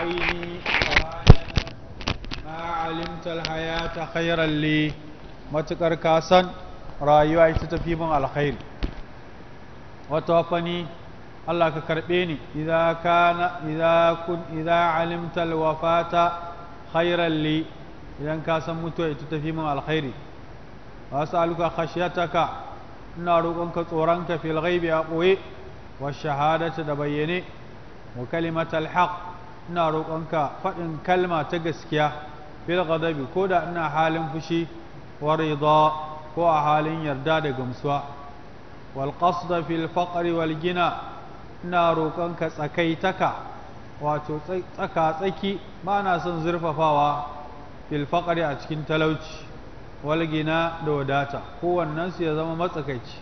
عيني ما علمت الحياة خيرا لي متكر كاسا رايو أي تتفي من الخير وتوفني الله ككربيني إذا كان إذا كن إذا علمت الوفاة خيرا لي إذا كاسا متوى تتفي من الخير وأسألك خشيتك نارك تورنك في الغيب أقوي والشهادة دبيني وكلمة الحق ina roƙonka faɗin kalma ta gaskiya bil ghadabi ko da ina halin fushi wa rida ko a halin yarda da gamsuwa wal qasda fil faqri wal gina ina roƙonka tsakaitaka wato tsaka tsaki ba na son zurfafawa fil faqri a cikin talauci wal gina da wadata su ya zama matsakaici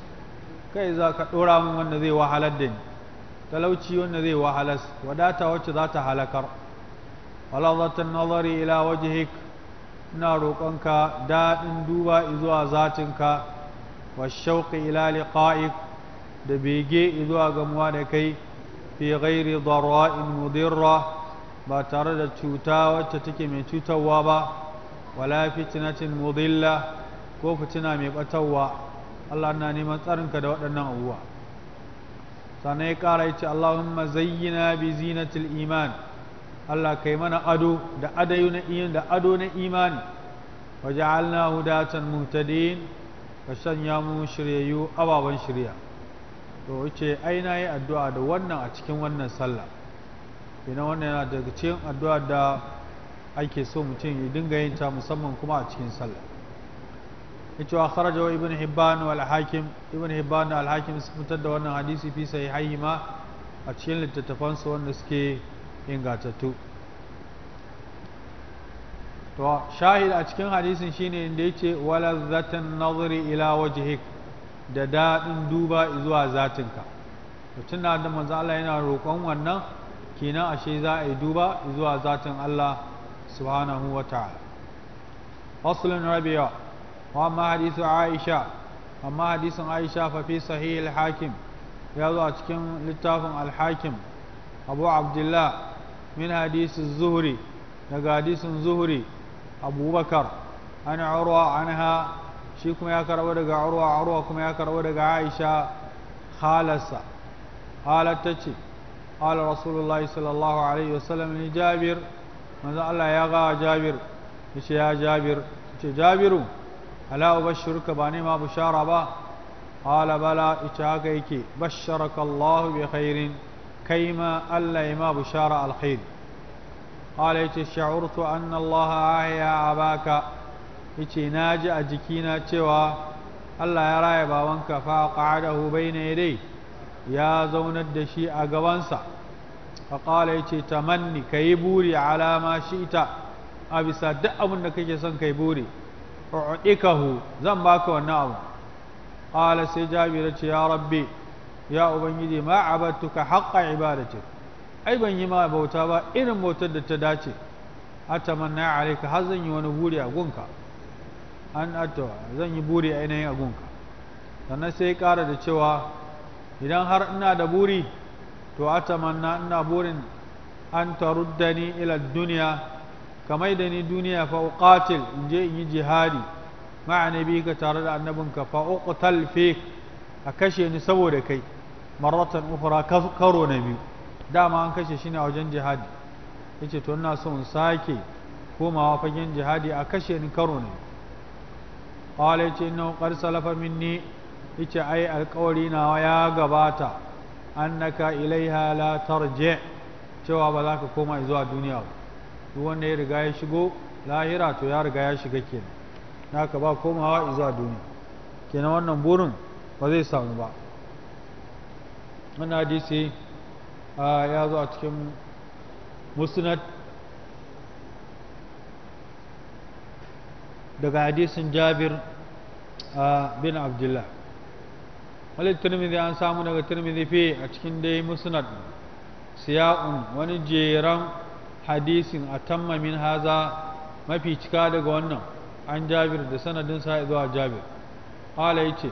kai za ka ɗora min wanda zai wahalar da ni talauci wanda zai wahalas wadata wacce za ta halakar walazatan nazari ila wajhik ina roƙonka daɗin duba zuwa zatinka wa shauƙi ila liqa'ik da bege zuwa gamuwa da kai fi ghairi darra'in mudirra ba tare da cuta wacce take mai cutarwa ba wala fitnatin mudilla ko fitina mai ɓatarwa. Allah na neman tsarinka da waɗannan abubuwa sannan ya kara ya ce Allahumma zayyina bi zinatil iman Allah kai mana ado da adayu na iman da ado na imani ja'alna hudatan muhtadin wa sanya mu shiryayyu ababen shirya to yace ai na yi addu'a da wannan a cikin wannan sallah ina wannan yana daga cikin addu'a da ake so mutum ya dinga yin ta musamman kuma a cikin sallah yace wa kharaja ibn hibban wal hakim ibn hibban al hakim su fitar da wannan hadisi fi sahihi ma a cikin littattafan su wanda suke ingantattu to shahid a cikin hadisin shine inda yace wala zatan nazari ila wajhik da dadin duba zuwa zatinka mutum na da manzo Allah yana roƙon wannan kenan ashe za a yi duba zuwa zatin Allah subhanahu wa ta'ala aslun rabi'a وأما حديث عائشة أما حديث عائشة ففي صحيح الحاكم يضع تكم للتاف الحاكم أبو عبد الله من حديث الزهري لقى حديث الزهري أبو بكر عن عروة عنها شيكم يا كرودة عروة عروة يا كرودة عائشة خالصة قالت تشي قال رسول الله صلى الله عليه وسلم لجابر ماذا الله يا جابر إيش يا جابر إيش جابر, جابر ala ubashshiruka ba ne ma bushara ba qala bala ita haka yake basharaka Allah bi khairin kai ma Allah ya ma bushara alkhair qala yace sha'urtu anna Allah ahya abaka yace naji a jikina cewa Allah ya raya bawanka fa qa'adahu bayna yadayhi ya zaunar da shi a gabansa faƙala ya ce tamanni ka yi buri alama shi ita a bisa duk abin da kake son ka yi buri u'dikahu zan baka wannan abu qala sai jabir ce ya rabbi ya ubangiji ma abattuka haqqa ibadatik ai ban yi ma bauta ba irin motar da ta dace atamanna alayka har zan yi wani buri a gunka an ato zan yi buri a ainihin a gunka sannan sai ƙara da cewa idan har ina da buri to atamanna ina burin an taruddani ila duniya كما يدني الدنيا فأقاتل إنجي جهادي مع نبيك تارد أنبنك فأقتل فيك أكشي نسبو لكي مرة أخرى كفكروا نبي داما أنكشي شنع جن جهادي إيجي تونا سون سايكي كوما وفجن جهادي أكشي نكروا نبي قال إيجي إنه قد سلف مني إيجي أي القولين ويا قباتا أنك إليها لا ترجع شوى بذلك كوما إزوى الدنيا duk wanda ya riga ya shigo lahira to ya riga ya shiga kenan ka ba komawa izuwa duniya kenan wannan burin ba zai samu ba wannan hadisi ya zo a cikin musnad daga hadisin jabir bin abdullah malik turmizi an samu daga turmizi fi a cikin dai musnad siya'un wani jeran hadisin a tammamin haza mafi cika daga wannan an jabir da sanadin sa zuwa jabir qala yace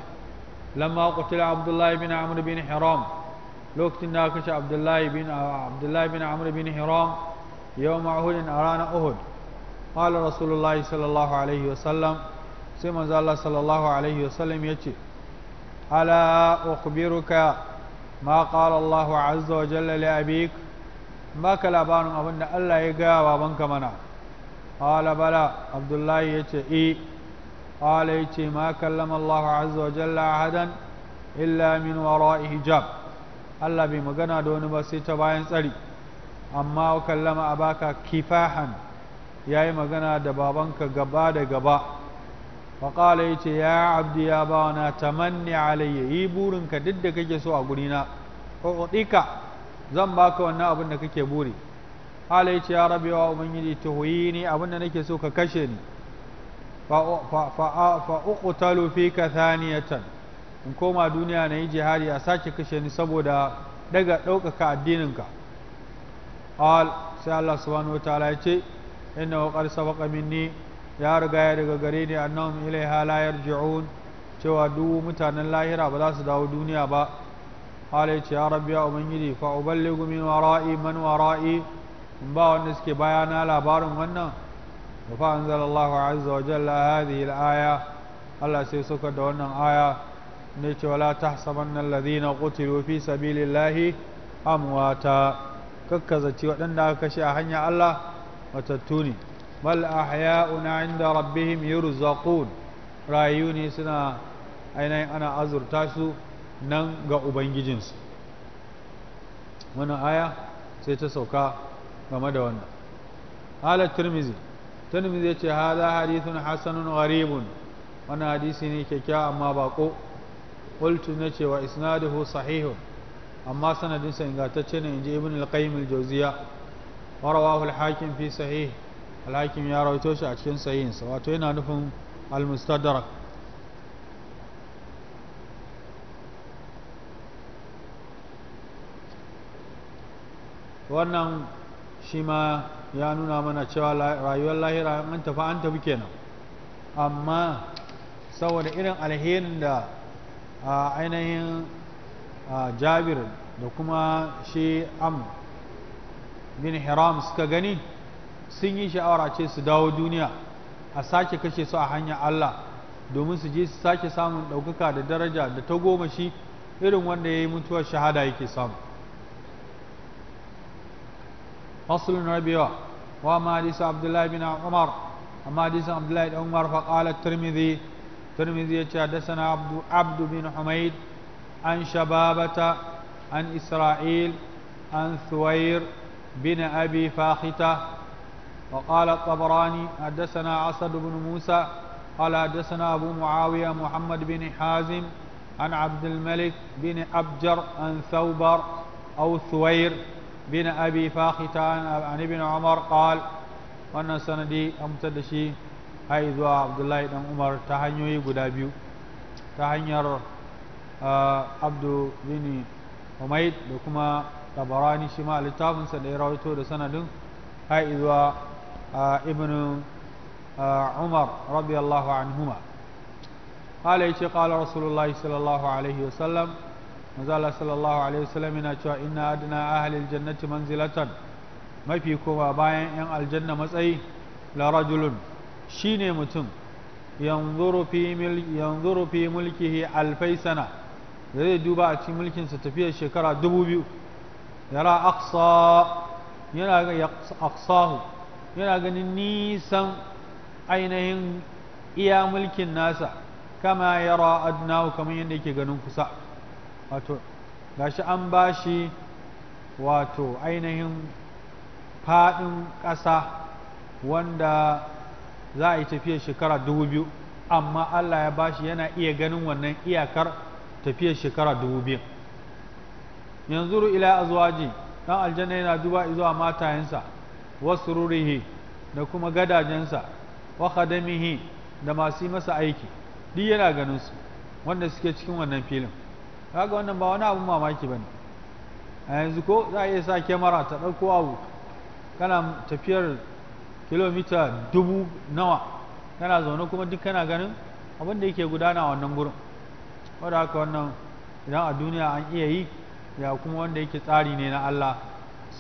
lamma qutila abdullahi bin Amur bin hiram lokacin da aka kashe abdullahi bin abdullahi bin amr bin hiram yawm uhud a ranar uhud qala rasulullahi sallallahu alaihi wasallam sai manzo Allah sallallahu alaihi wasallam ce. ala ukhbiruka ma qala Allah azza wa jalla li abika baka labarin abin da Allah ya gaya babanka mana qala bala abdullahi yace eh qala yace ma kallama Allah azza wa jalla ahadan illa min wara'i hijab Allah bai magana da wani ba sai ta bayan tsari amma wa kallama abaka kifahan yayi magana da babanka gaba da gaba wa ya ce ya abdi ya bawana tamanni alayya yi burinka duk da kake so a gurina uqika zan baka wannan abin da kake buri hala ce ya rabbi wa ubangiji tuhuyini abin da nake so ka kashe ni fa uqtalu ka thaniyatan in koma duniya na yi jihadi a sake kashe ni saboda daga ɗaukaka addininka al sai Allah subhanahu wa ta'ala ya ce inna wa ƙarsa minni ya riga ya daga gare ni annahum ilaiha la yarji'un cewa duk mutanen lahira ba za su dawo duniya ba قال يا ربي يا أمنجدي فأبلغ من ورائي من ورائي in ba wanda suke bayana labarin wannan fa anzal Allah azza wa jalla hadhihi al-aya Allah sai suka da wannan aya ne ce wala tahsabanna alladhina qutilu fi sabilillahi amwata kakkazaci waɗanda aka kashe a hanya Allah matattu ne bal ya inda rabbihim yurzaqun rayu ne suna ainihin ana azurta su nan ga ubangijinsu wani aya sai ta sauka game da wannan halar turmizi turmizi ya ce haza hadithun Hassanun gharibun Wani hadisi ne kyakkyawa amma bako ƙultu na cewa isnadihu sahihu sahihun amma sanadinsa ingantacce ne inji ibn al-qayyim al wa rawahu fi sahih alhakim ya rawaito shi a cikin sahihinsa wato yana nufin al-mustadrak wannan shi ma ya nuna mana cewa rayuwar lahira an tafi an tafi kenan amma saboda irin alherin da ainihin jabir da kuma shi am bin hiram suka gani sun yi sha'awar ce su dawo duniya a sake kashe su a hanyar allah domin su je su sake samun ɗaukaka da daraja da ta goma shi irin wanda ya yi mutuwar shahada yake samu فصل ربيع وما حديث عبد الله بن عمر وما حديث عبد الله بن عمر فقال الترمذي الترمذي حدثنا عبد عبد بن حميد عن شبابة عن إسرائيل عن ثوير بن أبي فاختة وقال الطبراني حدثنا عصد بن موسى قال حدثنا أبو معاوية محمد بن حازم عن عبد الملك بن أبجر عن ثوبر أو ثوير بن أبي فاخت عن ابن عمر قال wannan sanadi an da shi har zuwa abdullahi dan umar ta hanyoyi guda biyu ta hanyar abdu bin umaid da kuma tabarani shima littafinsa da ya rawaito da sanadin har ibn umar radiyallahu anhuma قال قال رسول الله صلى الله عليه وسلم manzala sallallahu alaihi wasallam yana cewa inna adna ahlil jannati manzilatan mafi kowa bayan yan aljanna matsayi la rajulun shine mutum yanzuru fi yanzuru fi mulkihi alfai sana zai duba a cikin mulkin sa tafiyar shekara dubu biyu yara aqsa yana ga aqsahu yana ganin nisan ainihin iya mulkin nasa kama yara adnahu kamar yadda yake ganin kusa wato gashi an ba shi wato ainihin faɗin ƙasa wanda za a yi tafiya shekara dubu biyu amma Allah ya ba shi yana iya ganin wannan iyakar tafiyar shekara dubu biyu yanzu ila azwaji dan aljanna yana duba zuwa matayensa wasu rurihi da kuma gadajensa wa khadamihi da masu yi masa aiki duk yana ganin su wanda suke cikin wannan filin kaga wannan ba wani abun mamaki bane a yanzu ko za a iya sa kemara ta ɗauko abu kana tafiyar kilomita dubu nawa kana zaune kuma duk kana ganin abin da yake gudana a wannan gurin wadda haka wannan idan a duniya an iya yi ya kuma wanda yake tsari ne na Allah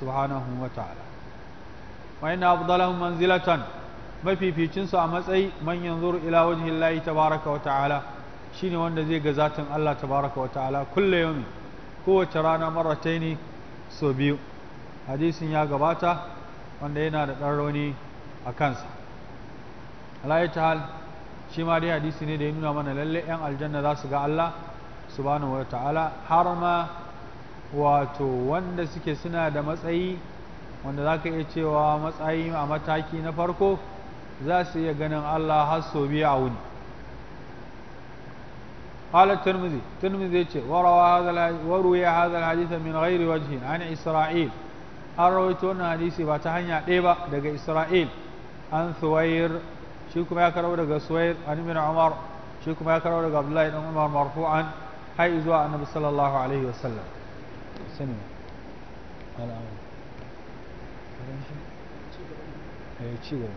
subhanahu wa ta'ala wa inna afdalahum manzilatan mafificinsu a matsayi man yanzuru ila wajhi llahi tabaraka wa ta'ala shine wanda zai ga zatin Allah tabaraka wa ta'ala kulle yau kowace rana marataini so biyu hadisin ya gabata wanda yana da ɗan rauni a kansa alayi hal shi ma dai hadisi ne da ya nuna mana lalle 'yan aljanna za su ga Allah subhanahu wa ta'ala har ma wato wanda suke suna da matsayi wanda za ka iya cewa matsayi a mataki na farko za su iya ganin Allah har so biyu a wuni قال الترمذي الترمذي وروى هذا وروي هذا الحديث من غير وجه عن اسرائيل ارويتون حديثي باتهنيا ديبا دغ اسرائيل عن ثوير شيكم يا كرو دغ ثوير عن ابن عمر شيكم يا كرو دغ عبد الله بن عمر مرفوعا هاي ذو النبي صلى الله عليه وسلم سنه على اي شيء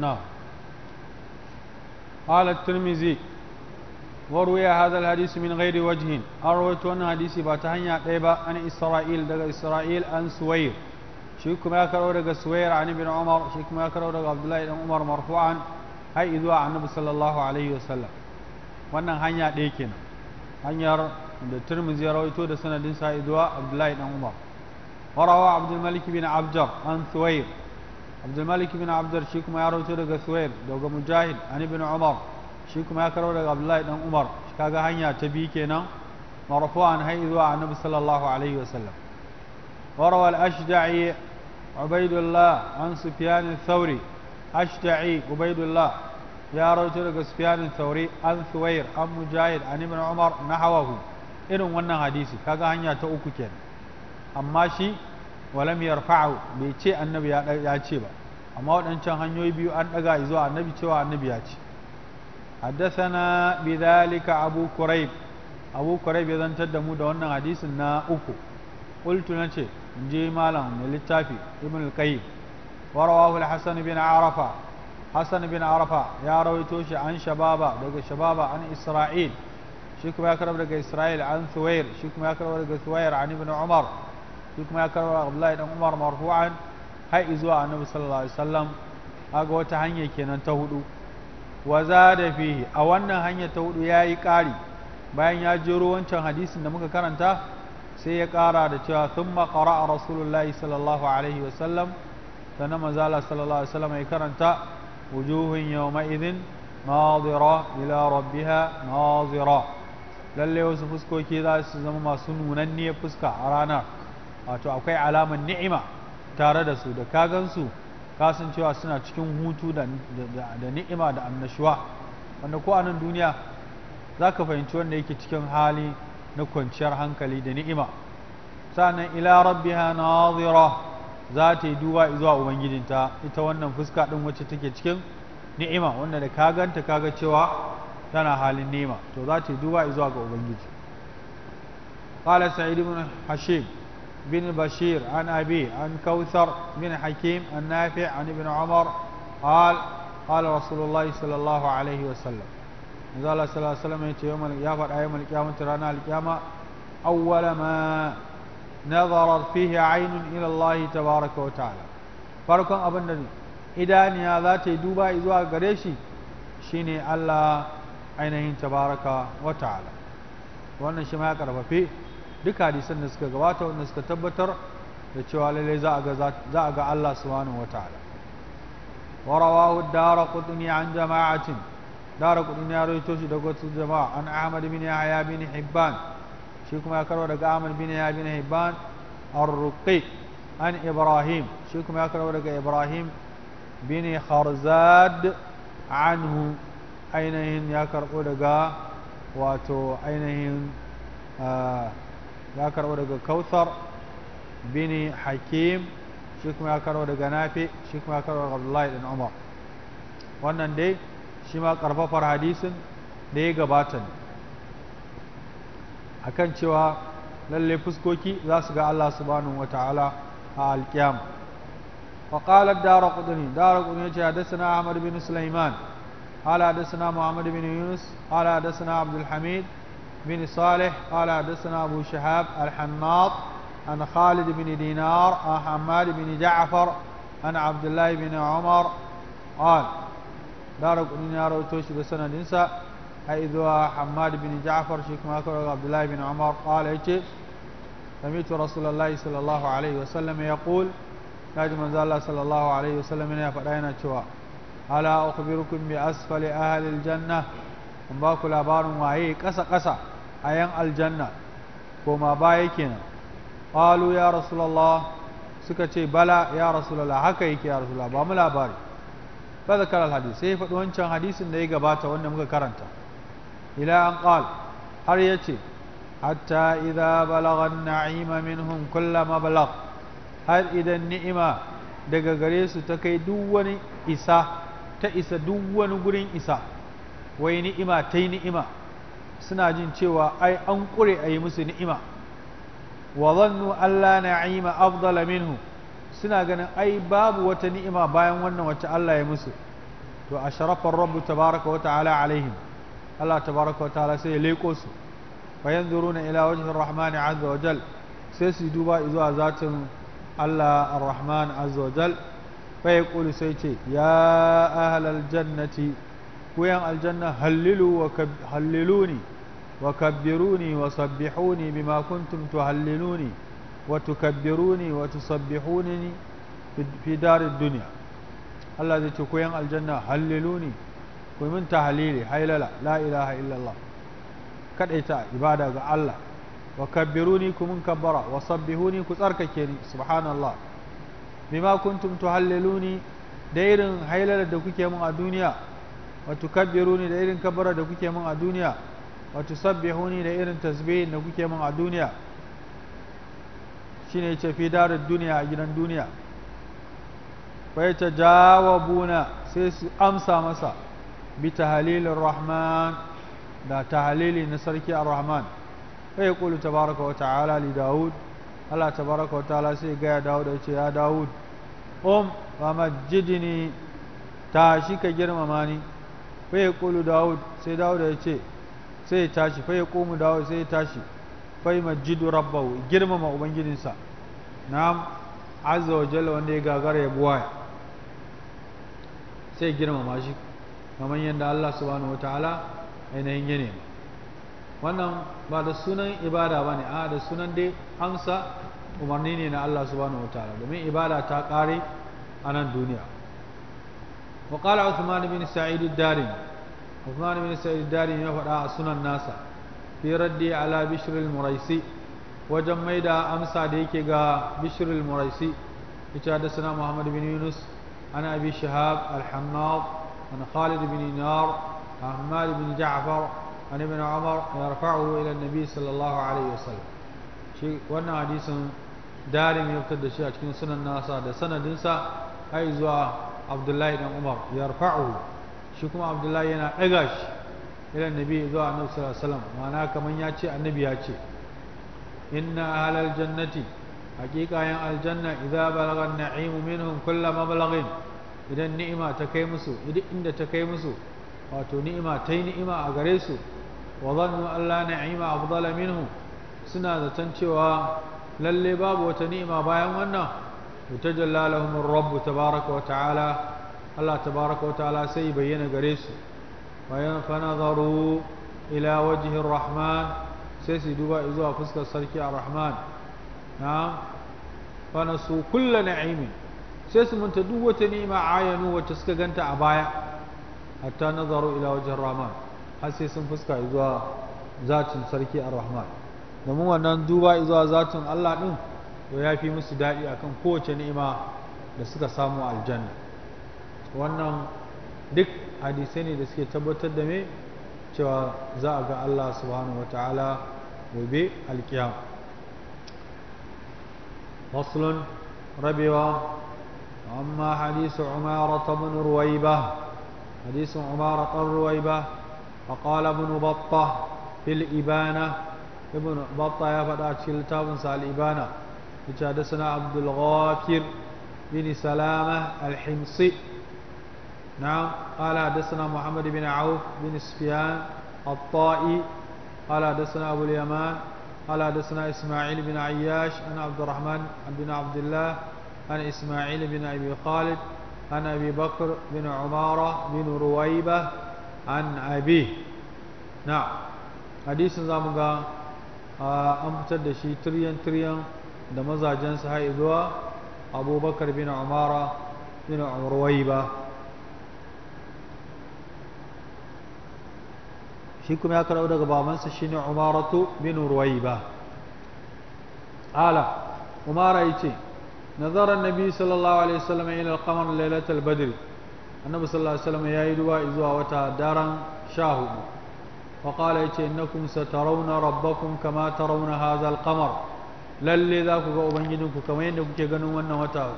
نعم قال الترمذي وروي هذا الحديث من غير وجه أرويت أن حديث باتهن يا عن إسرائيل دغ إسرائيل عن سوير شيكم يا كرو دغ سوير عن ابن عمر شيكم يا كرو دغ عبد الله بن عمر مرفوعا هاي إذوا عن النبي صلى الله عليه وسلم wannan hanya ɗaya kenan hanyar da رويته ya rawaito da sanadin sa izuwa abdullahi dan umar warawa abdul malik bin abjar an suwair عبد الملك بن عبد الشيك ما يروي daga Suwaid daga Mujahid an ibn Umar shi kuma ya karo daga Abdullahi dan Umar kaga hanya ta مرفوعا هي marfu'an hay zuwa Annabi sallallahu alaihi wasallam وروى الأشجعي عبيد الله عن سفيان الثوري أشجعي عبيد الله يا رجل سفيان الثوري عن ثوير عن مجاهد عن ابن عمر نحوه إنه ونن حديثي كاغا هنيا تا كين أما شي Walamiyar yarfa'u bai ce annabi ya ce ba amma waɗancan hanyoyi biyu an ɗaga zuwa annabi cewa annabi ya ce haddathana bidhalika abu kurayb abu kurayb ya zantar da mu da wannan hadisin na uku qultu nace in je malam ne littafi ibn al-qayyim wa rawahu hasan bin arafa hasan bin arafa ya rawaito shi an shababa daga shababa an isra'il shi kuma ya karaba daga isra'il an suwayr shi kuma ya karaba daga suwayr an ibn umar shi kuma ya karba Abdullahi dan Umar marfu'an har zuwa Annabi sallallahu alaihi wasallam kaga wata hanya kenan ta hudu wa zada fihi a wannan hanya ta hudu yayi ƙari bayan ya jero wancan hadisin da muka karanta sai ya ƙara da cewa thumma qara'a rasulullahi sallallahu alaihi wasallam sannan manzo Allah sallallahu alaihi wasallam ya karanta wujuhun yawma idhin nadira ila rabbiha nadira lalle wasu fuskoki za su zama masu nunanniyar fuska a ranar wato akwai alaman ni'ima tare da su da ka kasancewa kasan cewa suna cikin hutu da ni'ima da annashuwa wanda ko a duniya za ka fahimci wanda yake cikin hali na kwanciyar hankali da ni'ima sannan ila rabbiha nazira za ta yi duba zuwa ubangijinta ita wannan fuska din wacce take cikin ni'ima wanda da ka kaga cewa tana halin ni'ima to za ta yi duba zuwa ga ubangiji قال سعيد بن حشيم بن بشير عن أبيه عن كوثر بن حكيم النافع عن ابن عمر قال قال رسول الله صلى الله عليه وسلم إذا الله صلى الله عليه وسلم يوم القيامة أيام القيامة رانا القيامة أول ما نظرت فيه عين إلى الله تبارك وتعالى فاركم أبن النبي إذا نيازات دوبا إذوا قريشي شيني الله عينه تبارك وتعالى وأن الشماء shi فيه duk hadisan da suka gabata wanda suka tabbatar da cewa lalle za a ga za a ga Allah subhanahu wataala wa rawahu ad-daraqutni an jama'atin daraqutni ya rawaito shi daga wasu jama'a an Ahmad bin Yahya bin Hibban shi kuma ya karwa daga Ahmad bin Yahya bin Hibban ar-Ruqi an Ibrahim shi kuma ya karwa daga Ibrahim bin Kharzad anhu ainihin ya karbo daga wato ainihin ya karɓo daga kausar bini hakim shi kuma ya karɓo daga nafi shi kuma ya karɓo daga abdullahi ɗan umar wannan dai shi ma ƙarfafar hadisin da ya gabata ne akan cewa lalle fuskoki za su ga Allah subhanahu wataala a alkiyama فقال الدارقطني دارقطني يجي حدثنا أحمد بن سليمان قال حدثنا محمد بن يونس قال حدثنا عبد الحميد بن صالح قال حدثنا أبو شهاب الحناط عن خالد بن دينار عن حماد بن جعفر عن عبد الله بن عمر قال دارك دينار وتوش بسنة ننسى حيث حماد بن جعفر شيخ ماكر عبد الله بن عمر قال ايش سمعت رسول الله صلى الله عليه وسلم يقول ناجي من الله صلى الله عليه وسلم يا فرعين شوى ألا أخبركم بأسفل أهل الجنة in ba ku labarin waye ƙasa-ƙasa a yan aljanna koma baya kenan ƙalu ya rasulallah suka ce bala ya rasulallah haka yake ya rasulallah ba mu labari ba karar alhadis sai faɗi wancan hadisin da ya gabata wanda muka karanta ila an ƙal har ya ce hatta idza balagha naima minhum kullama balagh har idan ni'ima daga gare su ta kai duk wani isa ta isa duk wani gurin isa wai ni'ima ta yi ni'ima suna jin cewa ai an ƙure a yi musu ni'ima wa zannu Allah na'ima afdala minhu suna ganin ai babu wata ni'ima bayan wannan wacce Allah ya musu to a sharafar rabbu tabaraka wa ta'ala alaihim Allah tabaraka wa ta'ala sai ya leko su fa yanzuruna ila wajhi ar-rahman azza wa jal sai su duba zuwa zatin Allah ar-rahman azza wa jal fa yaqulu sai ce ya ahlal jannati kuyan aljanna hallilu wa halliluni wa kabbiruni wa sabbihuni bima kuntum tuhalliluni wa tukabbiruni wa tusabbihuni fi darid dunya Allah zai ce kuyan aljanna halliluni ku min tahlili la ilaha illallah kadaita ibada ga Allah wa kabbiruni ku mun kabbara wa sabbihuni tsarkake ni subhanallah da irin hailalar da kuke mun a duniya wa tukabbiruni da irin kabbara da kuke min a duniya wa tusabbihuni da irin tasbihin da kuke min a duniya shine yace fi darar duniya a gidan duniya fa yace jawabuna sai su amsa masa bi tahlilir rahman da tahlili na sarki ar-rahman fa yaqulu tabaraka wa ta'ala li daud Allah tabaraka wa ta'ala sai ga ya daud yace ya daud um wa majidni tashi ka girmama ni fa ya kulu dawud sai dawud ya ce sai ya tashi fa ya kumu dawud sai ya tashi fa ya majidu rabbahu girmama ubangijinsa na'am azza wa jalla wanda ya gagara ya buwaya sai girmama shi kamar yadda Allah subhanahu wataala ainihin ya nema wannan ba da sunan ibada ba ne a da sunan dai amsa umarni ne na Allah subhanahu wataala domin ibada ta kare a nan duniya وقال عثمان بن سعيد الدارمي عثمان بن سعيد الدارمي يفدا sunan nasa fi raddi ala bishr al-muraisi wajen maida amsa da yake ga bishr al-muraisi yace hadathana muhammad bin yunus ana abi shahab al-hammad an khalid bin dinar ahmad bin ja'far an ibn umar yarfa'uhu ila an-nabi sallallahu alaihi wasallam shi wannan hadisin darin ya fitar da shi a cikin sunan nasa da sanadinsa har zuwa abdullahi dan umar yarfa'u shi kuma abdullahi yana ɗaga shi ilan nabi zuwa annabi sallallahu alaihi ma'ana kaman ya ce annabi ya ce inna ahlal jannati haƙiƙa yan aljanna idza balagha an-na'imu minhum kullu mablaghin idan ni'ima ta kai musu idan inda ta kai musu wato ni'ima ta yi ni'ima a gare su wa zannu alla na'ima afdala minhum suna zaton cewa lalle babu wata ni'ima bayan wannan tajalla lahum rabbu tabaraka wa ta'ala Allah tabaraka wa ta'ala sai bayyana gare su bayan fanadharu ila wajhi rahman sai su duba zuwa fuskar sarki ar-rahman na'am fanasu kullu na'imin sai su manta duk wata ni'ima ayanu wacce suka ganta a baya hatta nazaru ila wajhin rahman har sai sun fuska sarki rahman domin wannan duba Allah ɗin. to ya fi musu daɗi akan kowace ni'ima da suka samu aljanna wannan duk hadisai ne da suke tabbatar da me cewa za a ga Allah subhanahu wataala gobe alkiyam faslun rabewa amma hadisu umara bin ruwaiba hadisu umara ɗan ruwaiba فقال ابن بطة في الإبانة ابن بطة يا فتاة شلتا بن سال إبانة حدثنا عبد الغافر بن سلامة الحمصي نعم قال حدثنا محمد بن عوف بن سفيان الطائي قال حدثنا أبو اليمان قال حدثنا إسماعيل بن عياش عن عبد الرحمن بن عبد الله عن إسماعيل بن أبي خالد عن أبي بكر بن عمارة بن رويبة عن أبي نعم حديث زمغا آه، أمتد شي تريان تريان da mazajensa har zuwa abubakar bin amara bin amurwai shi kuma ya karɓi daga babansa shi ne bin amurwai ala umara ya ce nazara nabi sallallahu alaihi wasallam ila alqamar lailat albadr annabi sallallahu alaihi wasallam yayi duba zuwa wata daren shahu fa qala yace innakum satarawna rabbakum kama tarawna hadha alqamar lalle za ku ga ubangijinku kamar yadda kuke ganin wannan wata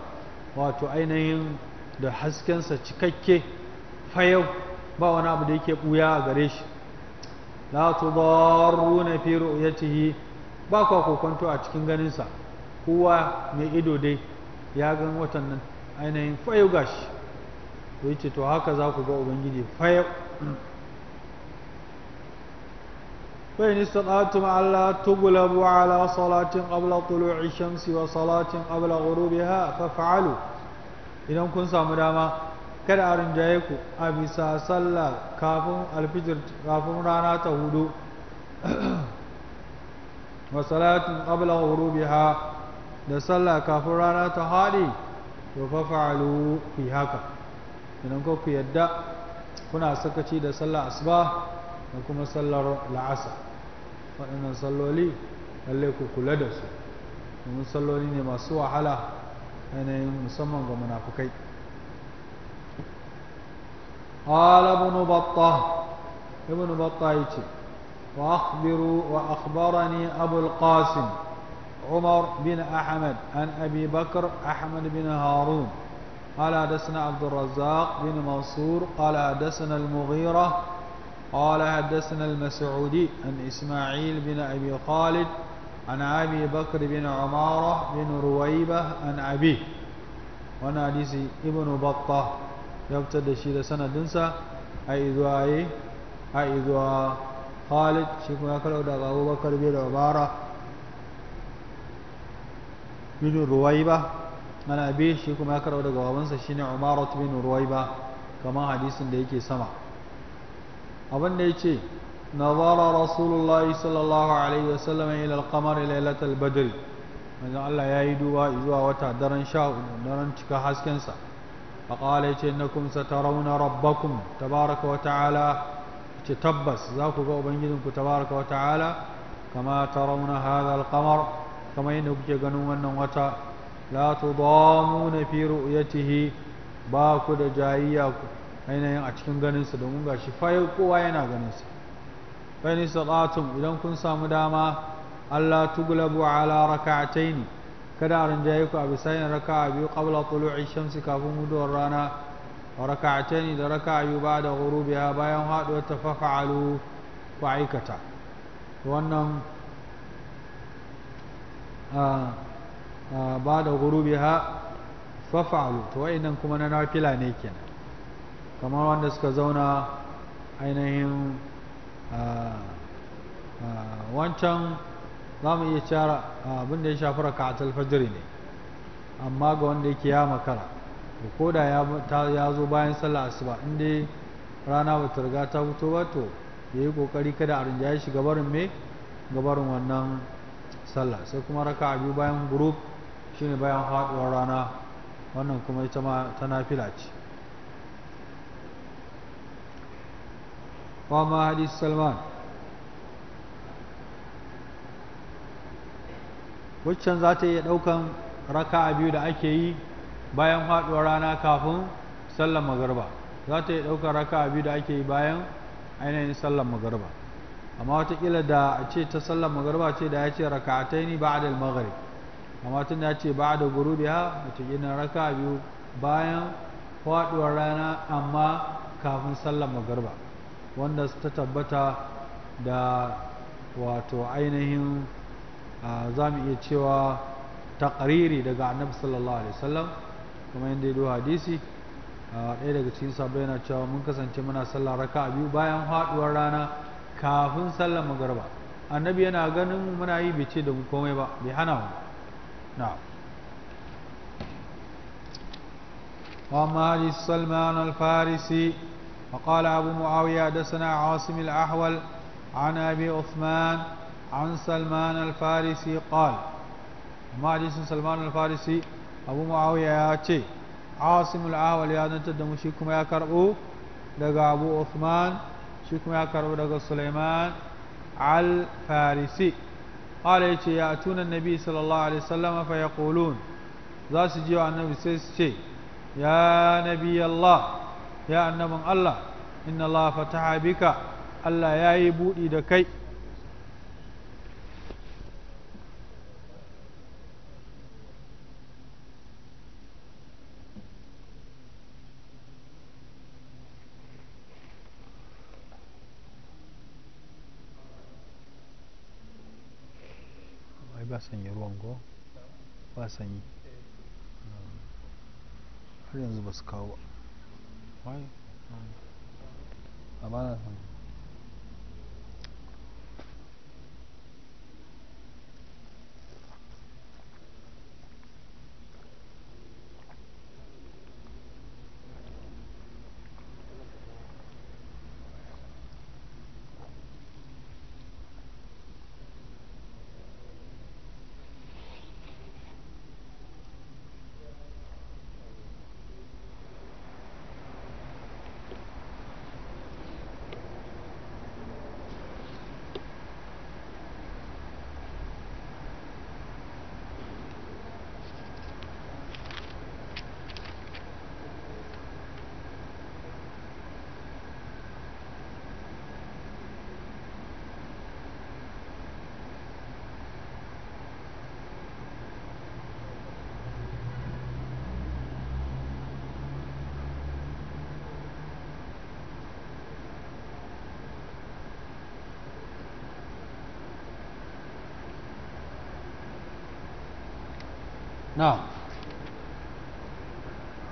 wato ainihin da haskensa cikakke fayau ba wani abu da yake buya a gare shi la na fi ru'yatihi ba kwa kokonto a cikin ganinsa kowa mai ido dai ya gan watan nan ainihin fayau gashi to yace to haka za ku ga ubangiji fayau فإن استطعتم ألا تغلبوا على صلاة قبل طلوع الشمس وصلاة قبل غروبها فافعلوا إذا كن سامداما kada a rinjaye ku a bisa sallah kafin alfijir kafin rana ta hudu wa salatun qabla ghurubiha da sallah kafin rana ta hadi to fa fa'alu haka idan ku yadda kuna sakaci da sallah asuba da kuma sallar la'asa waɗannan salloli lallai ku kula da su domin salloli ne masu wahala yanayin musamman ga munafukai qala ibn batta ibn batta yace wa akhbiru wa akhbarani abu al-qasim عمر بن أحمد عن أبي bin Harun, بن هارون قال حدثنا عبد الرزاق بن منصور قال حدثنا قال حدثنا المسعودي عن إسماعيل بن أبي خالد عن أبي بكر بن عمارة بن رويبة عن أبيه وانا حديث ابن بطة يبتد شيد سنة دنسا أي إذوا أي إذوا خالد شكو يكلو دقا أبو بكر بن عمارة بن رويبة عن أبيه شكو يكلو دقا أبنسا شين عمارة بن رويبة كما حديث ديكي سمع abin da ya ce nazara rasulullah sallallahu alaihi wasallam ila al-qamar lailatul badr manzon Allah yayi duba zuwa wata daren sha daren cika hasken sa fa qala yace innakum satarawna rabbakum tabaraka wa ta'ala ce tabbas za ku ga ku tabaraka wa ta'ala kama tarawna hadha al-qamar kama yadda kuke ganin wannan wata la tudamuna fi ru'yatihi ba ku da ku. ainihin a cikin ganinsa domin ga shi fayar kowa yana ganinsa fani salatun idan kun samu dama Allah tuglabu ala raka'ataini kada a rinjaye ku a bisayin raka'a biyu qabla tulu'i shamsi kafin guduwar rana wa raka'ataini da raka'a biyu ba da ghurubiha bayan haɗuwar ta fafa'alu ku aikata wannan ba da ghurubiha fafa'alu to wa'annan kuma na nafila ne kenan kamar wanda suka zauna ainihin wancan za mu iya cara abinda ya shafi a talfajiri ne amma ga wanda yake ya makara da koda ya zo bayan sallah asuba in dai rana bata riga ta fito ba to ya yi kokari kada a rinjaye shi gabarin me gabarin wannan sallah sai kuma raka a biyu bayan group shine bayan haɗuwar rana wannan kuma ita ma ta nafila ce وما حديث سلمان waccan za ta iya ɗaukan a biyu da ake yi bayan faɗuwar rana kafin sallar magarba za ta iya ɗaukan a biyu da ake yi bayan ainihin sallar magarba amma watakila da a ce ta sallar magarba ce da ya ce raka raka'atai ba ba'da al-maghrib amma tun da ya ce da ba'da gurubiha watakila a biyu bayan faɗuwar rana amma kafin sallar magarba wanda su ta tabbata da wato ainihin za mu iya cewa takariri daga annabi sallallahu alaihi wasallam kuma yadda ya hadisi ɗaya daga cikin sabai yana cewa mun kasance muna sallah raka biyu bayan haɗuwar rana kafin sallar magarba annabi yana ganin muna yi bai ce da mu komai ba bai hana mu na. wa وعن salman al Farisi. فقال أبو معاوية حدثنا عاصم الأحول عن أبي عثمان عن سلمان الفارسي قال ما حديث سلمان الفارسي أبو معاوية يا أتي عاصم الأحول يا نتدم شيكم يا كربو دقى أبو عثمان شيكم يا كربو دقى سليمان الفارسي قال يتي يأتون النبي صلى الله عليه وسلم فيقولون ذا سجيو النبي سيسي يا نبي الله ya annabin Allah inna Allah fataha bika Allah ya yi buɗi da kai ba sanyi ruwan ba sanyi har yanzu ba su kawo ba 欢迎，嗯，好吧，的？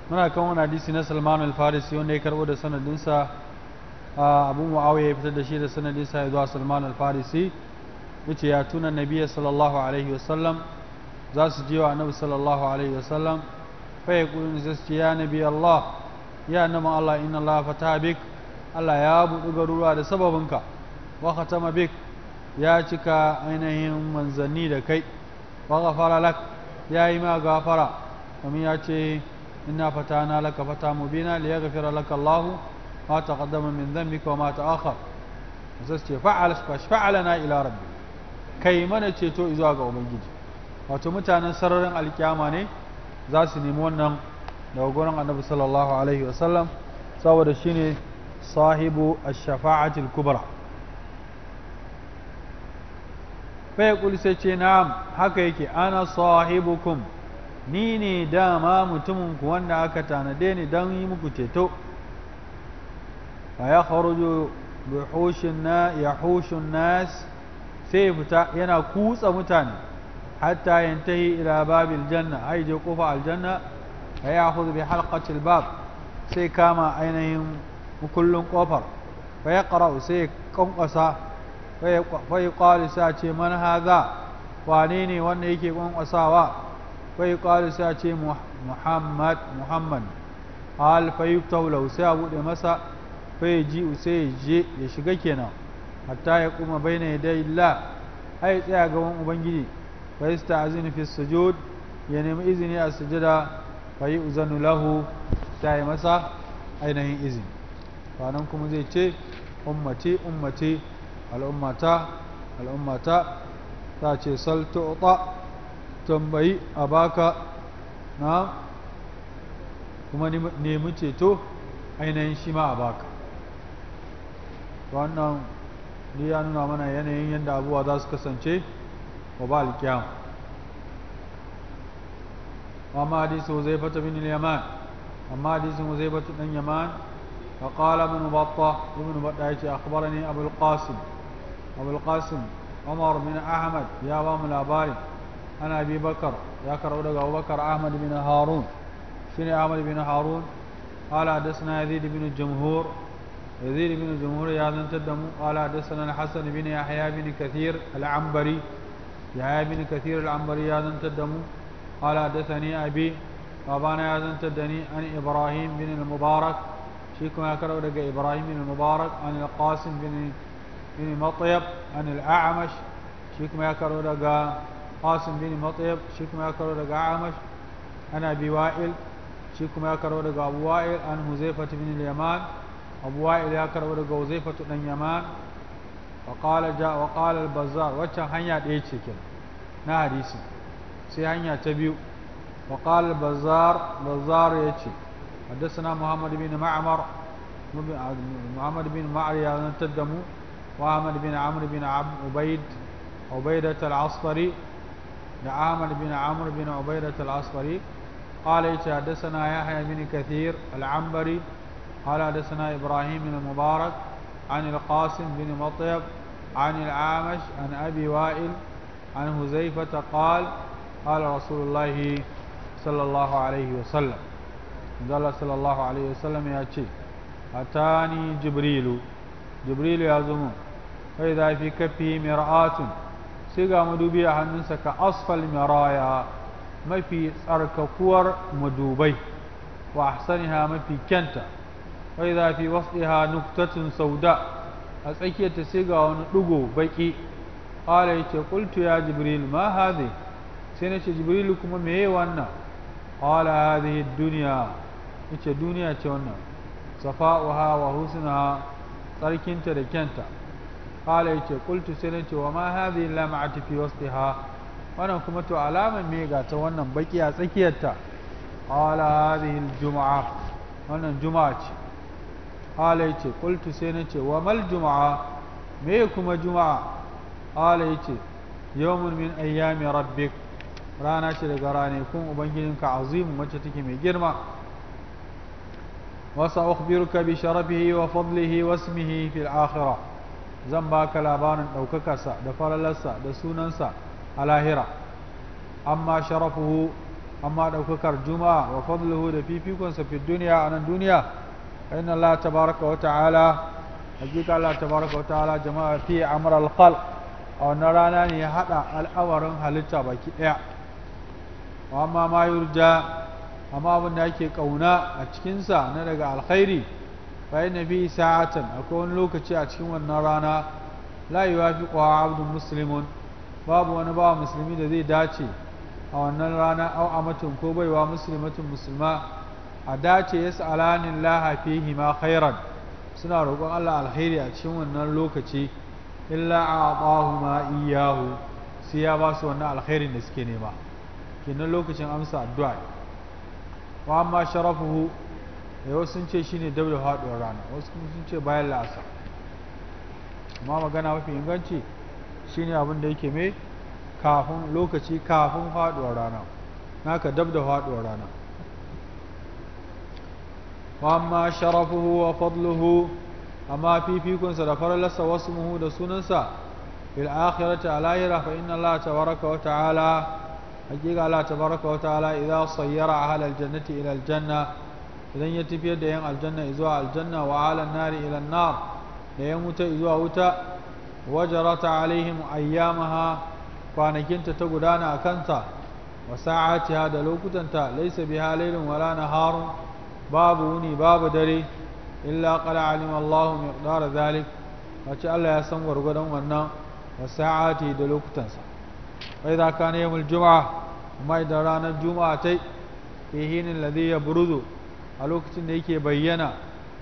muna kan wani hadisi na Salmanu AlFarisi wanda ya karbo da sanadinsa abu mu'awiya ya fitar da shi da sanadinsa ya zuwa Salmanu AlFarisi wuce ya tuna nabiya sallallahu alaihi wasallam za su je wa annabi sallallahu alaihi wasallam fa ya kudin ce ya nabi allah ya nama allah inna allah fata bik allah ya buɗu garuruwa da sababinka wa khatama bik ya cika ainihin manzanni da kai wa ghafara lak ya yi ma gafara kuma ya ce inna fatana laka fata mubina li yaghfira laka Allah ma taqaddama min dhanbika wa ma ta'akhkhar sai ce fa'al fa'alana ila rabbi kai mana ceto izuwa ga ubangiji wato mutanen sararin alkiyama ne za su nemi wannan daga gurin annabi sallallahu alaihi sallam saboda shine sahibu ash-shafa'atil kubra فيقول سيتي نعم حكيك انا صاحبكم نيني داما متمك وانا اكتانا ديني داني مكتتو فيخرج بحوش يحوش الناس سيفتا ينا كوس متاني حتى ينتهي الى باب الجنة اي جو قفا الجنة فيأخذ بحلقة الباب سيكاما اينهم وكل قفر فيقرأ سيك قنقصا fai ƙwali sa ce man haza wane ne wanda yake kwankwasawa fai ƙwali sa ce muhammad muhammad hal fai taulau sai a bude masa fai ji sai je ya shiga kenan hatta ya kuma bai na yadda illa ai tsaya gaban ubangiji fai sta azin fi sujud ya nemi izini a sujada fai uzanu lahu ta yi masa ainihin izini kwanan kuma zai ce ummati ummati al'ummata al'ummata ta ce salto tu'ta tambayi a baka na kuma nemi ceto ainihin shi ma a baka wannan ni ya nuna mana yanayin yadda abuwa za su kasance wa ba alkiyam amma hadisu zai fata bin yaman amma hadisin zai fata dan yaman فقال ابن بطة ابن بطة يأتي أخبرني أبو القاسم أبو القاسم عمر بن أحمد يا بام الأباري أنا أبي بكر يا كرودة أبو بكر أحمد بن هارون شنو أحمد بن هارون قال حدثنا يزيد بن الجمهور يزيد بن الجمهور يا تدمو قال حدثنا الحسن بن يحيى بن كثير العنبري يحيى بن كثير العنبري يا تدمو قال حدثني أبي وابانا يا تدني عن إبراهيم بن المبارك شيكم يا كرودة إبراهيم بن المبارك عن القاسم بن بن مطيب عن الأعمش شيك ما يكره لقى قاسم بن مطيب شيك ما يكره لقى أعمش عن أبي وائل شيك ما يكره لقى أبو وائل عن هزيفة بن اليمان أبو وائل يكره لقى هزيفة بن اليمان وقال جاء وقال البزار وجه هنيا ديتش كده na hadisi sai وقال البزار بزار يتشي حدثنا محمد بن معمر محمد بن معري أنا تدمو وعمل بن عمرو بن عبد عبيد عبيدة العصفري لعامل بن عمرو بن عبيدة العصفري قال حدثنا يحيى بن كثير العنبري قال حدثنا إبراهيم بن المبارك عن القاسم بن مطيب عن العامش عن أبي وائل عن هزيفة قال قال رسول الله صلى الله عليه وسلم قال صلى الله عليه وسلم يا شيخ أتاني جبريل جبريل يا زمون فإذا في كفه مرآة سيغا مدوبي أهنسا كأصف مرايا ما في سرك كور مدوبي وأحسنها ما في كنتا فإذا في وسطها نكتة سوداء أسأكية سيغا ونقلقو بيكي قال قلت يا جبريل ما هذه سينش جبريل لكم مهي وانا قال هذه الدنيا إيش الدنيا تونا صفاؤها وحسنها tsarkinta da kyanta qala yace qultu sai nace wa ma hadhihi illa ma'ati fi wasfiha wannan kuma to alama me ga ta wannan baki a tsakiyarta qala hadhihi aljum'a wannan juma'a ce qala yace qultu sai nace wa mal juma'a me kuma juma'a qala yace yawmun min ayyami rabbik rana ce daga ranakun ubangijinka azimu wacce take mai girma Wasu bi وسأخبرك بشرفه وفضله واسمه في الآخرة zan baka labarin ɗaukakarsa da falalarsa da sunansa a lahira amma sharafuhu amma ɗaukakar juma'a wa fadluhu da fifikonsa fi duniya a nan duniya inna Allah tabaraka wa ta'ala hakika Allah tabaraka wa ta'ala jama'a fi amr alƙal. a wannan rana ne ya haɗa al'awarin halitta baki ɗaya amma ma yurja amma abin da ake ƙauna a cikinsa na daga alkhairi bayan na fi sa'atan akwai wani lokaci a cikin wannan rana la yuwafiqu abdun musulmin babu wani bawa musulmi da zai dace a wannan rana au amatun ko baiwa musulmatin musulma a dace yas'alanin laha lahafi hima khairan suna roƙon Allah alkhairi a cikin wannan lokaci illa ɓahu ma iyahu sai ya ba su wannan alkhairin da suke nema kenan lokacin amsa addu'a wa amma sharafuhu da eh, wasu sun ce shine dab da faduwar rana wasu kuma sun ce bayan la'asa amma magana mafi inganci shine abin da yake mai kafin lokaci kafin faduwar rana na ka da faduwar rana amma sharafuhu wa fadluhu amma fifikunsa da farallarsa wasu muhu da sunansa fil akhirati alayra fa inna Allah tabaraka wa ta'ala hakika Allah tabaraka wa ta'ala idza sayyara ahla al-jannati ila al-janna idan ya tafiyar da yan aljanna zuwa aljanna wa alan nari ila nar da yan wuta zuwa wuta wajarata alaihim ayyamaha kwanakinta ta gudana a kanta wa sa'atiha da lokutanta laysa biha laylun wala naharun babu wuni babu dare illa qad alima Allahu miqdara zalik wace Allah ya san gwargwadon wannan wa sa'ati da lokutansa fa idza kana yawmul jum'a amma idan ranar juma'a tai fi hinin ladhi yabrudu a lokacin da yake bayyana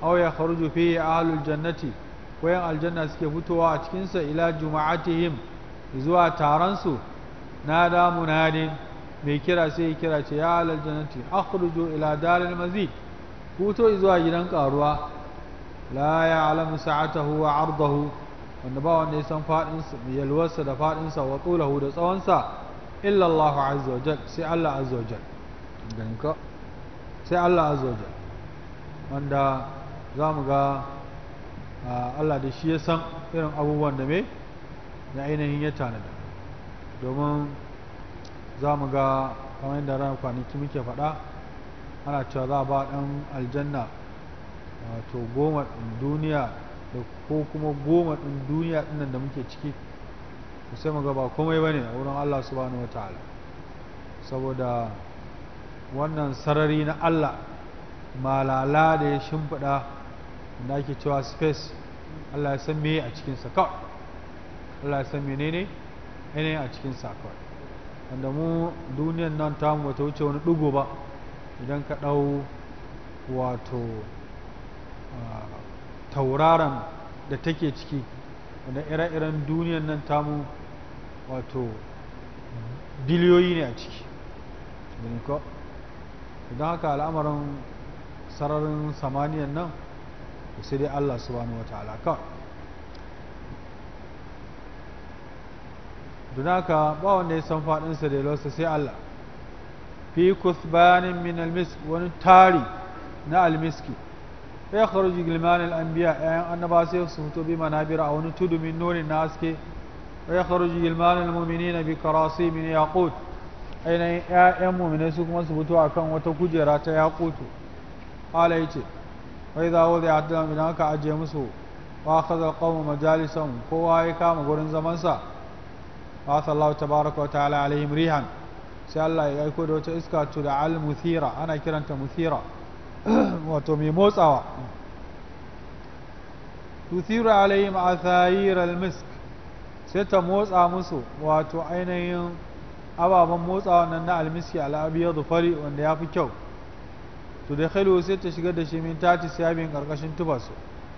auya ya kharuju fihi ahlul jannati ko yan aljanna suke fitowa a cikin sa ila juma'atihim zuwa taron su nada munadin mai kira sai kira ce ya ahlul jannati akhruju ila daril mazid fito zuwa gidan karuwa la ya'lamu sa'atahu wa 'ardahu wanda ba wanda ya san yalwarsa da faɗinsa wa tsulahu da tsawonsa illa Allah azza sai Allah azza sai Allah azza wanda za mu ga Allah da shi ya san irin abubuwan da me na ainihin ya tanada domin za mu ga kamar yadda ran kwanaki muke faɗa ana cewa za a ba ɗan aljanna wato goma ɗin duniya da ko kuma goma ɗin duniya ɗinnan da muke ciki sai mu ga ba komai ba ne a wurin Allah subhanahu wa ta'ala saboda wannan sarari na Allah malala da ya shimfiɗa da ake cewa space Allah ya san meye a cikinsa kawai Allah ya san menene ne a cikinsa kawai wanda mu duniyan nan mu bata wuce wani ɗigo ba idan ka ɗau wato tauraron da take ciki wanda ire-iren duniyan nan mu wato biliyoyi ne a ciki don haka al'amarin sararin samaniyan nan sai dai Allah subhanahu wataala kawai don haka ba wanda ya san faɗinsa da yalwarsa sai Allah fi bayanin min almisk wani tari na almiski ya kharuji gilman al'ambiya ‘ya'yan annaba sai su fito bi manabira a wani tudu min nuni na haske ya kharuji gilman al'mumini na bi karasi min yaqut ainihin 'ya'yan muminai su kuma su fito a kan wata kujera ta yakutu ala ya ce wai za wadda ya tattalin idan aka ajiye musu wa kaza kawo majalisan kowa ya kama gurin zamansa Ba wa ta tabaraka wa ta'ala alaihim rihan sai Allah ya aiko da wata iska to da al muthira ana kiranta muthira wato mai motsawa tuthiru alaihim athayir al misk sai ta motsa musu wato ainihin ababen motsawa nan na almiski al'abiyar fari wanda ya fi kyau to da sai ta shiga da shi min tati siyabin karkashin tubas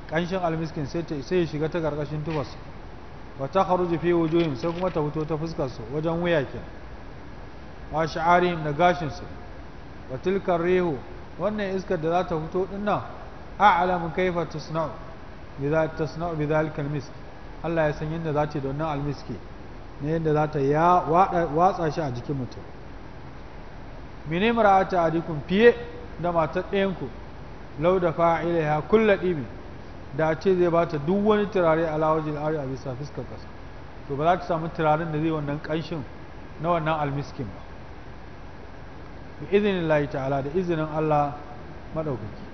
kanshin almiskin sai ta sai shiga ta karkashin tubas wa ta kharuju fi wujuhim sai kuma ta fito ta fuskar su wajen wuya ke wa sha'arihim da gashin su wa tilka rihu wannan iskar da za ta fito din nan a'lamu kaifa tasna'u bidha tasna'u bidhalika almisk Allah ya san yadda za ta yi da wannan almiski na yadda za ta ya watsa shi a jikin mutum mini mara'ata fiye da matar ɗayanku lau da fa'ila ya kulla ɗimi da ce zai ba ta duk wani turare a lawajin ari a bisa fuskar ƙasa to ba za ta samu turaren da zai wannan ƙanshin na wannan almiskin ba bi izinin layi ta'ala da izinin Allah maɗaukaki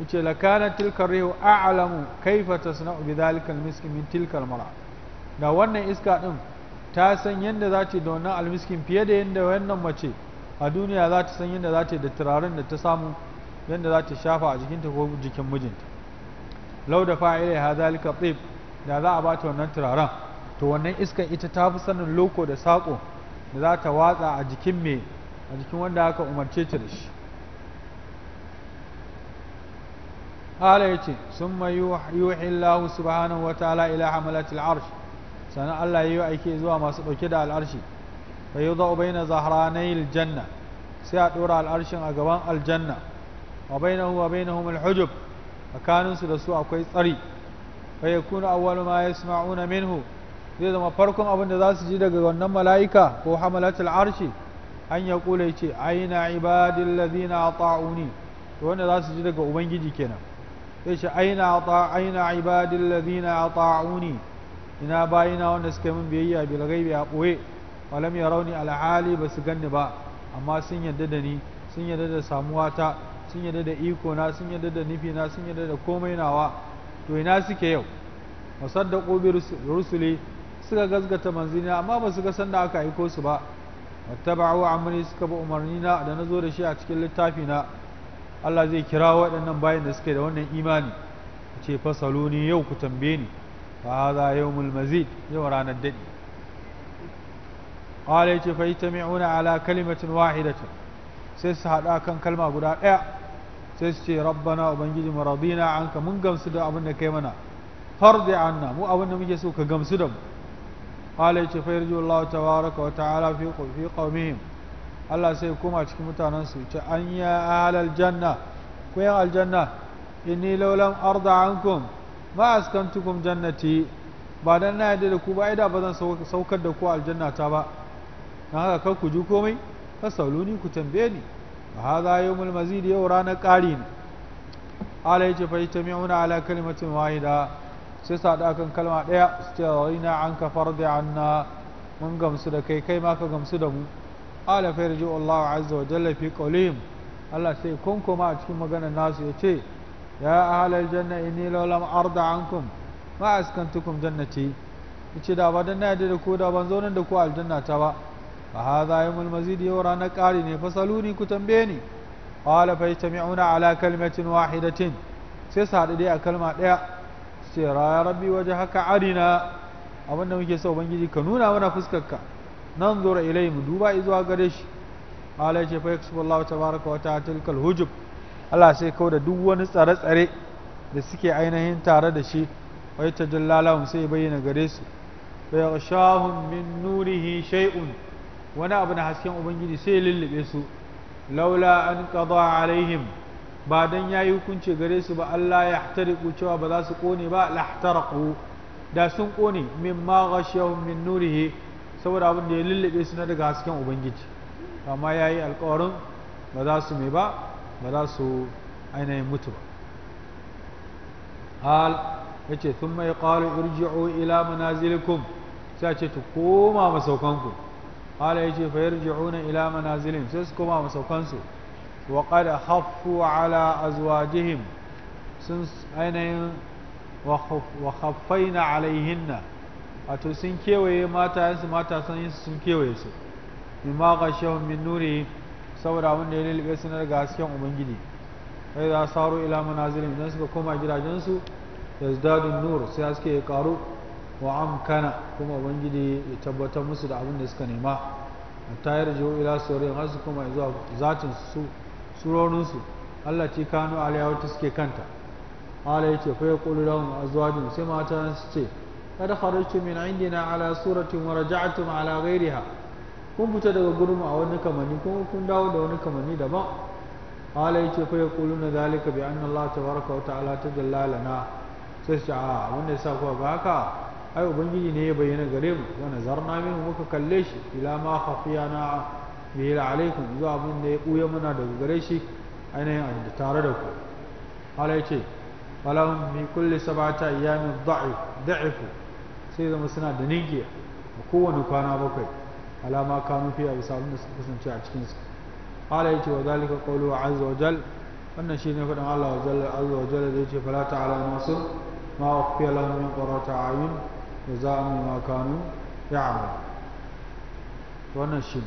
yace la kana tilkar rihu a'lamu kaifa suna bi zalikar miskin min tilkar mara da wannan iska ɗin ta san yadda za ta da wannan almiskin fiye da yadda wannan mace a duniya za ta san yadda za ta da turaren da ta samu yadda za ta shafa a jikinta ko jikin mijinta lau da fa'ilai ha zalika tsib da za a ba ta wannan turaren to wannan iskan ita ta fi sanin loko da saƙo da za ta watsa a jikin mai a jikin wanda aka umarce ta da shi ala yace summa yuhi Allah subhanahu wa ta'ala ila hamalatil arsh sannan Allah ya yi aiki zuwa masu ɗauke da al'arshi fa yi za'u bai na zaharanayil sai a ɗora al'arshin a gaban aljanna wa bai na huwa bai na humul A tsakaninsu da su akwai tsari fa ya kuna awwalu ma ya min minhu zai zama farkon abin da za su ji daga wannan mala'ika ko hamalatul al'arshi. an ya kula ce aina ibadin lazina ta'uni wanda za su ji daga ubangiji kenan sai ce aina aina ibadin lazina ta'uni ina bayina wanda suka yi min biyayya bil ghaibi a boye walam yarawni al ba basu ganni ba amma sun yadda da ni sun yadda da samuwa ta sun yadda da iko na sun yadda da nufi na sun yadda da komai nawa to ina suke yau musaddaqu bi rusuli suka gazgata manzini amma ba su ga da aka aiko su ba wattaba'u amri suka bi umarni na da nazo da shi a cikin littafi na Allah zai kira waɗannan bayan da suke da wannan imani ce fasaluni yau ku tambaye ni فهذا يوم المزيد يوران الدني قال يجي فيتمعون على كلمة واحدة سيس هذا كان كلمة قد ايه سيس ربنا وبنجي مرضينا عنك من قمس دا أبنى كيمنا فرض عنا مو أبنى مجسو كقمس دم قال يجي فيرجو الله تبارك وتعالى في في قومهم الله sai kuma cikin أن يا أهل الجنة ahlal الجنة إني لو لم inni عنكم ma tukun jannati ba dan na yarda da ku ba ai da ba zan saukar da ku aljanna ta ba dan haka kar ku ji komai fasaluni ku tambaye ni ba fa yi yawmul mazid yau ranar ƙari ne ala yace fa mi'una ala kalimatin wahida sai su kan kalma ɗaya su ce raina an ka an na mun gamsu da kai kai ma ka gamsu da mu ala fa yarji Allah azza wa jalla fi qawlihim Allah sai kunkuma a cikin maganar nasu ya ce. ya ahlal janna inni law lam arda ankum ma askantukum jannati yace da ba dan na yadda da ku da ban zo nan da ku aljanna ta ba fa hadha yawmul mazid yau ranar ƙari ne fa saluni ku tambaye ni qala fa yajtami'una ala kalimatin wahidatin sai su haɗu dai a kalma ɗaya su ce ya rabbi waje haka arina abinda muke so ubangiji ka nuna mana fuskarka nan zura ilai mu duba izuwa gare shi ala ce fa yaksubu Allah tabaraka wa ta'ala tilkal hujub Allah sai kau da duk wani tsare-tsare da suke ainihin tare da shi wai ta jallalahun sai bayyana gare su fa yaghshahum min nurihi shay'un wani abu na hasken ubangiji sai lullube su laula an qada alaihim ba dan yayi hukunci gare su ba Allah ya htariku cewa ba za su kone ba lahtaraku da sun kone Min ma ghashahum min nurihi saboda abin da ya lullube su na daga hasken ubangiji amma yayi alƙawarin ba za su mai ba ba za su ainihin mutu ba hal ya ce sun mai ƙwalo irji'u ila manazilikum sai ce ta koma masaukanku hala ya ce fayar ji'una ila manazilin sai su koma masaukansu wa qad haffu ala azwajihim sun ainihin wa haffaina alaihinna wato sun kewaye mata yansu. mata sun kewaye su imma ghashahum min nuri saboda abin da ya lulluɓe su na daga hasken ubangiji sai za saro ila manazilin don suka koma gidajensu da zdadun nur sai haske ya karu wa amkana kuma ubangiji ya tabbatar musu da abin da suka nema a tayar jiho ila saurin har su koma zuwa zatin su allah ci kano aliyah wata suke kanta ala ya ce fa ya kulu sai mata su ce kada kharajtum min indina ala suratin wa raja'tum ala ghairiha kun fita daga gurin a wani kamani kuma kun dawo da wani kamanni daban ala yace fa na zalika bi anna Allah tabaraka wa ta'ala tajalla lana sai ce a wanda yasa kuwa ba haka ai ubangiji ne ya bayyana gare mu wa nazarna min muka kalle shi ila ma khafiyana bihi alaikum zuwa abin da ya buya muna daga gare shi ainihin da tare da ku ala yace falahum bi kulli sab'ati ayyamin da'if da'ifu sai zama suna da ninki a kowane kwana bakwai alama kanu fiya bisa abin da suka kasance a cikinsu ala yace wa zalika qawlu azza wa jal wannan shine faɗin Allah wa jalla azza wa jalla zai ce fala ta'ala nasu ma ukhfiya lahum min qurrati a'yun jazaa'an bima kanu ya'mal wannan shine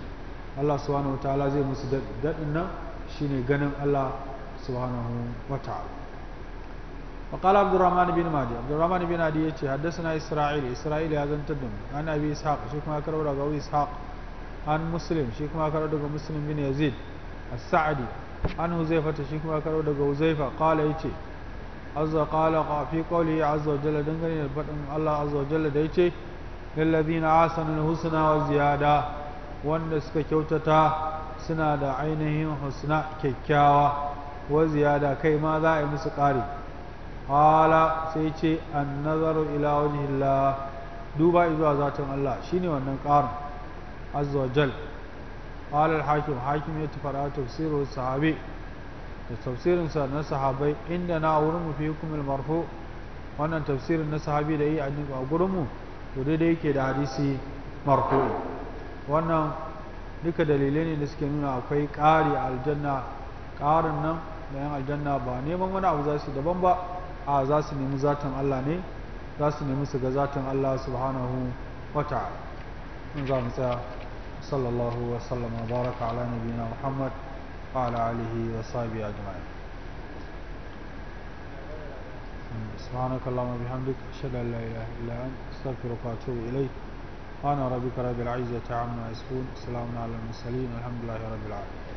Allah subhanahu wa ta'ala zai musu dadin nan shine ganin Allah subhanahu wa ta'ala وقال عبد الرحمن بن مهدي عبد الرحمن بن مهدي يتي حدثنا إسرائيل إسرائيل هذا تدم أنا أبي إسحاق شوف ما كرر أبو إسحاق an muslim shi kuma karo daga muslim bin yazid as-sa'di an huzaifa shi kuma karo daga huzaifa qala yace azza qala fi qawli azza wa jalla dangane da fadin Allah azza wa jalla da yace lil ladina asanu husna wa ziyada wanda suka kyautata suna da ainihin husna kyakkyawa wa ziyada kai ma za a yi musu ƙari qala sai ce an nazaru ila wajhillah duba zuwa zatin Allah shine wannan ƙarin azza wa jal قال الحاكم حاكم يتفرع تفسير الصحابي تفسير سنة صحابي عندنا أورم فيكم المرفوع wannan tafsirin na sahabi da yi a gurinmu to daidai yake da hadisi marfu'i wannan duka dalilai ne da suke nuna akwai ƙari a aljanna ƙarin nan da yan aljanna ba neman wani abu za su daban ba a za su nemi zatan Allah ne za su nemi su ga zatan Allah subhanahu wa in za mu tsaya وصلى الله وسلم وبارك على نبينا محمد وعلى آله وصحبه اجمعين سبحانك اللهم وبحمدك أشهد أن لا إله إلا أنت استغفرك وأتوب إليك وأنا ربك رب العزة عما يصفون سلام على المرسلين والحمد لله رب العالمين